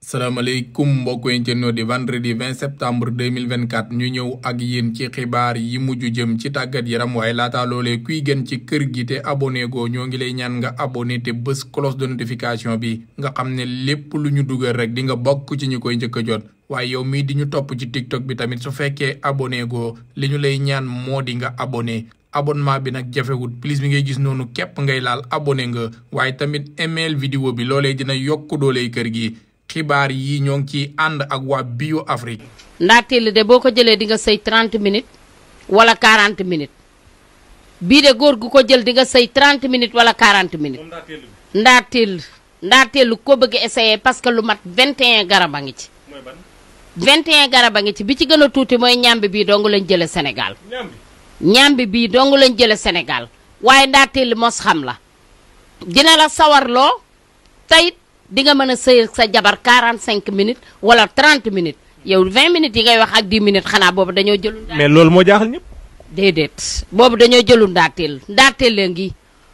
salaamaaleykum mbokk yi ngeen di vendredi 20 septembre 2024 ñu ñëw ak yéen ci xibaar yi mujj jëm ci tàggat yaram waaye laata loolee kuy gën ci kër gi te abonné goo ñoo ngi lay ñaan nga abonné te bés cloche de notification bi nga xam ne lépp lu ñu dugal rek di nga bokk ci ñu koy njëkk a jot waaye yow mii di ñu topp ci tiktok bi tamit su fekkee abone goo li ñu lay ñaan moo di nga abonné. abonnement bi nag jafewut plus bi ngay gis noonu képp ngay laal abonné nga waaye tamit email vidéo bi loolee dina yokk dooley kër gi xibaar yi ñoo ngi ciy ànd ak waa Bio Afrique. ndaxte de boo ko jëlee di nga sëy 30 minutes wala 40 minutes bii de góor gu ko jël di nga sëy 30 minutes wala 40 minutes. ndaxte ndaxte ko bëgg essayer parce que lu mat 21 garab a ngi ci. 21 garab a ngi ci bi ci gën a tuuti mooy ñàmbi bii dong lañ jëlee Sénégal. ñàmbi bii dong lañ jële Sénégal waaye ndaxte li mos xam la dina la sawarloo tey. di nga mën a sëy sa jabar cinq minutes wala trent minutes yow 20 minutes yi ngay wax ak 10 minutes xanaa boobu dañoo jëlu. mais loolu moo jaaxal ñëpp. déedéet boobu dañoo jëlu ndaateel ndaateel la ngi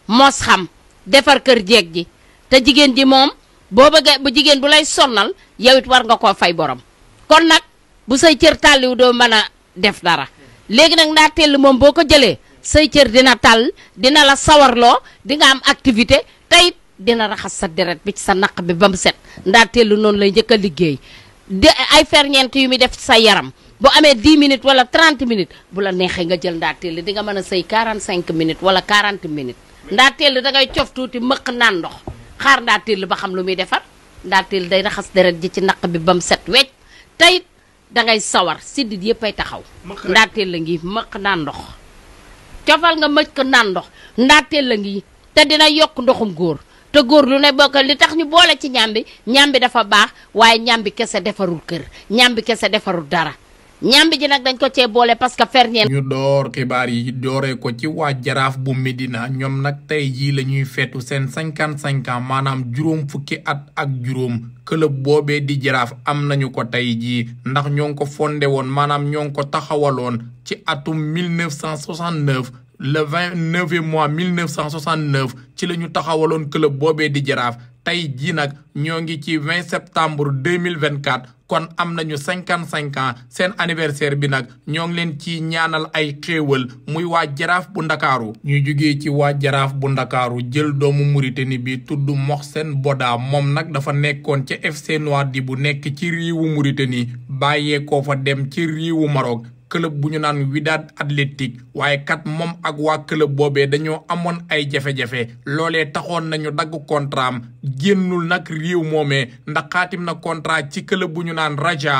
mos xam defar kër jeeg ji te jigéen ji moom boo bëggee bu jigéen bu lay sonnal yow it war nga koo fay borom kon nag bu say cër tàlliw doo mën a def dara léegi nag ndaateel moom boo ko jëlee say cër dina tàll dina la sawarloo di nga am activité tey. dina raxas sa deret bi ci sa naq bi ba mu set ndaatee lu noonu lay njëkk a liggéey de ay ferñeent yu muy def sa yaram bu amee 10 minutes wala 30 minutes bu la neexee nga jël ndaatee li di nga mën a sëy 45 minutes wala 40 minutes ndaatee li dangay cof tuuti mëq naan ndox xaar ndaatee li ba xam lu muy defar ndaatee li day raxas deret ji ci naq bi ba mu set wecc tey dangay sawar siddit yëpp ay taxaw. ndaatee a ngi mëq naan ndox. cofal nga mëj ko naan ndox ngi te dina yokk ndoxum góor. te góor lu ne bokk li tax ñu boole ci ñambi ñambi dafa baax waaye ñambi kese defarul kër ñambi kese defarul dara ñambi ji nag dañ ko cee boole parce que ferñeen ñu door xibaar yi dooree ko ci waa jaraaf bu Medina ñoom nag tey jii la ñuy feetu seen cinquante cinq maanaam juróom fukki at ak juróom club boobee di jaraaf am nañu ko tey jii ndax ñoo ngi ko fonde woon maanaam ñoo ngi ko taxawaloon ci atum 1969 le vingt neuvième mois mille neuf cent soixante neuf ci la ñu taxawaloon club boobee di jaraaf tey jii nag ñoo ngi ci vingt septembre deux mille vingt quatre kon am nañu cinquante cinq ans seen anniversaire bi nag ñoo ngi leen ci ñaanal ay xéewal muy waa jaraaf bu ndakaaru ñuy jugee ci waa jaraaf bu ndakaaru jël doomu Mauritanie bi tudd seen Boda moom nag dafa nekkoon ca FC di bu nekk ci riiwu Mauritanie bàyyee koo fa dem ci réewu Maroc club bu ñu naan Wydad Athletic waaye kat moom ak waa club boobee dañoo amoon ay jafe-jafe loolee taxoon nañu dagg contrat am génnul nag réew moomee ndax xaatim na contrat ci club bu ñu naan Raja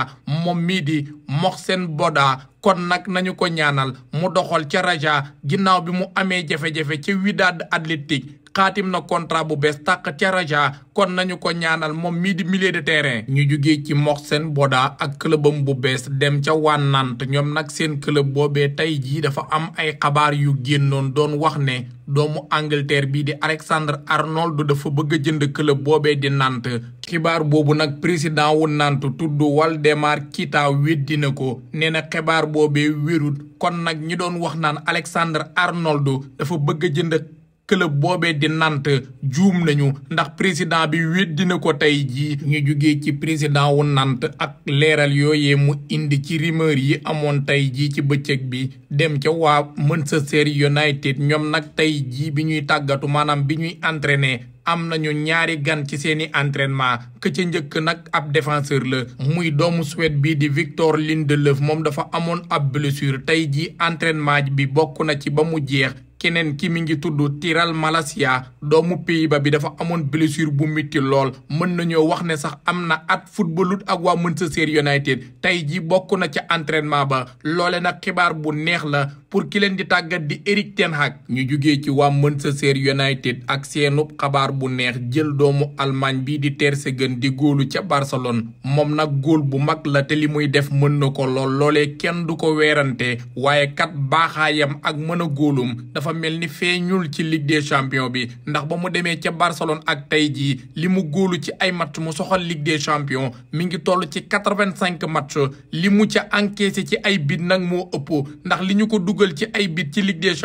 moom mii di Mohsen Boda kon nag nañu ko ñaanal mu doxal ca Raja ginnaaw bi mu amee jafe-jafe ca Wydad Athletic xaatim na contrat bu bees tàq ca Raja kon nañu ko ñaanal moom mii di milieu de terrain ñu jugee ci seen Boda ak clubam bu bees dem ca waa Nantes ñoom nag seen club boobee tey jii dafa am ay xabaar yu génnoon doon wax ne doomu Angleterre bii di Alexandre Arnold dafa bëgg jënd club boobe di Nantes xibaar boobu nag président wu Nantes tudd Waldemar Kita weddi na ko nee na xibaar boobe wérut kon nag ñi doon wax naan Alexandre arnoldo dafa bëgg jënd club boobee di nant juum nañu ndax président bi weddi ko tey jii ñu jugee ci président wu nant ak leeral yooyee mu indi ci rumeur yi amoon tey jii ci bëccëg bi dem ca waa Manchester United ñoom nag tey jii bi ñuy tàggatu maanaam bi ñuy entraîner am nañu ñaari gan ci seeni entraînement ke ca njëkk nag ab defenseur la muy doomu Suède bii di Victor Lindelöf moom dafa amoon ab blessure tey jii entraînement bi bokk na ci ba mu jeex keneen ki mi ngi tudd Tiral Malacia doomu pays bi dafa amoon blessure bu metti lool mën nañoo wax ne sax am na at footballut ak waa Manchester United tey ji bokk na ca entraînement ba loole nag xibaar bu neex la pour ki leen di tàggat di Eric Ten Hag ñu jógee ci waa Manchester United ak seenub xabaar bu neex jël doomu Allemagne bi di Ter Stegen di góolu ca Barcelone moom nag góol bu mag la te li muy def mën na ko lool loolee kenn du ko weerante waaye kat baaxaayam ak mën a dafa mel ni feeñul ci ligue des champions bi ndax ba mu demee ca Barcelone ak tey jii li mu góolu ci ay match mu soxal ligue des champions mi ngi toll ci quatre vingt cinq match li mu ca encaissé ci ay bit nag moo ëpp ndax li ñu ko dugal ci ay bit ci ligue des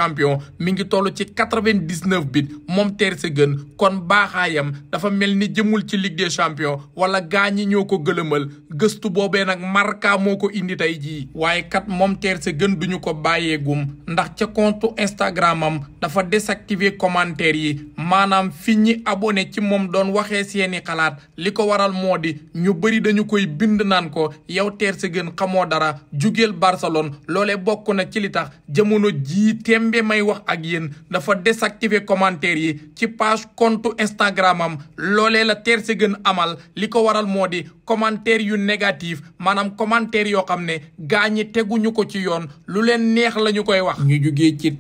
mi ngi toll ci quatre vingt dix neuf bit moom Ter Stegen kon baaxaayam dafa mel ni jëmul ci ligue des champions wala gaa ñi ñoo ko gëlëmal gëstu boobee nag Marca moo ko indi tey jii waaye kat moom sa gën duñu ko bàyyeegum ndax ca compte Instagram programme am dafa désactiver commentaire yi maanaam fi ñi abone ci moom doon waxee seeni xalaat li ko waral moo di ñu bëri dañu koy bind naan ko yow teer sa gën xamoo dara jugeel Barcelone loole bokk na ci li tax jamono jii tembe may wax ak yéen dafa désactiver commentaire yi ci page compte Instagram am loolee la teer sa gën amal li ko waral moo di commentaire yu négatif maanaam commentaire yoo xam ne gaa teguñu ko ci yoon lu leen neex la koy wax ñu jugee ci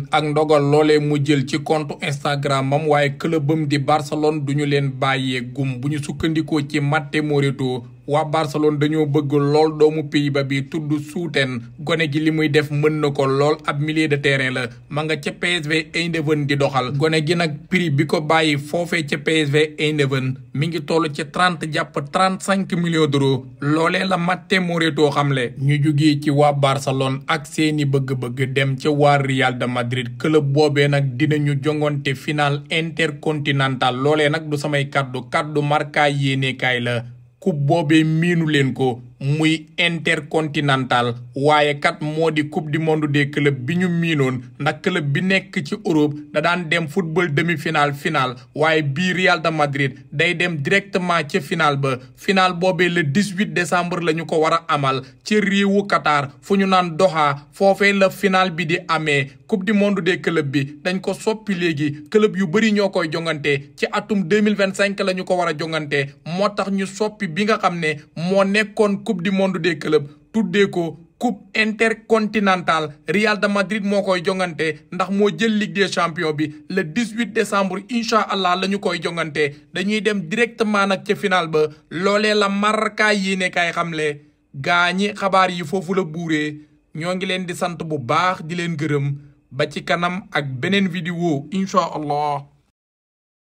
leen ak ndogal loolee mu jël ci compte Instagram am waaye clubam di Barcelone duñu leen bàyyee gum bu ñu sukkandiku ci matte Moretto waa Barcelone dañoo bëgg lool doomu pays ba bi tudd suuteen gone gi li muy def mën na ko lool ab milieu de terrain la ma nga ca PSV Eindhoven di doxal gone gi nag prix bi ko bàyyi foofee ca PSV Eindhoven mi ngi toll ci trente jàpp trente cinq millions d'euros loolee la Matteo Moretto xamle ñu jugee ci waa Barcelone ak seeni bëgg-bëgg dem ca waa Real de Madrid club boobee nag dinañu jongante final intercontinental loolee nag du samay kàddu kàddu marka yéenekaay la coupe boobee miinu leen ko muy intercontinental waaye kat moo di coupe du monde des clubs bi ñu miinoon ndax club bi nekk ci Europe da daan dem football demi final final waaye bii Real de Madrid day dem directement ci final ba final boobee le 18 décembre la ñu ko war a amal ci réewu Qatar fu ñu naan Doha foofee la final bi di amee coupe du monde de clubs bi dañ ko soppi léegi club yu bëri ñoo koy jongante ci atum 2025 la ñu ko war a jongante moo tax ñu soppi bi nga xam ne moo nekkoon coupe du monde des clubs tuddee ko coupe intercontinentale Real de Madrid moo koy jongante ndax moo jël ligue des champions bi le 18 décembre incha allah la ñu koy jongante dañuy dem directement nag ca final ba loolee la Marca yéene kay xamle gaa ñi xabaar yi foofu la buuree ñoo ngi leen di sant bu baax di leen gërëm ba ci kanam ak beneen vidéo incha allah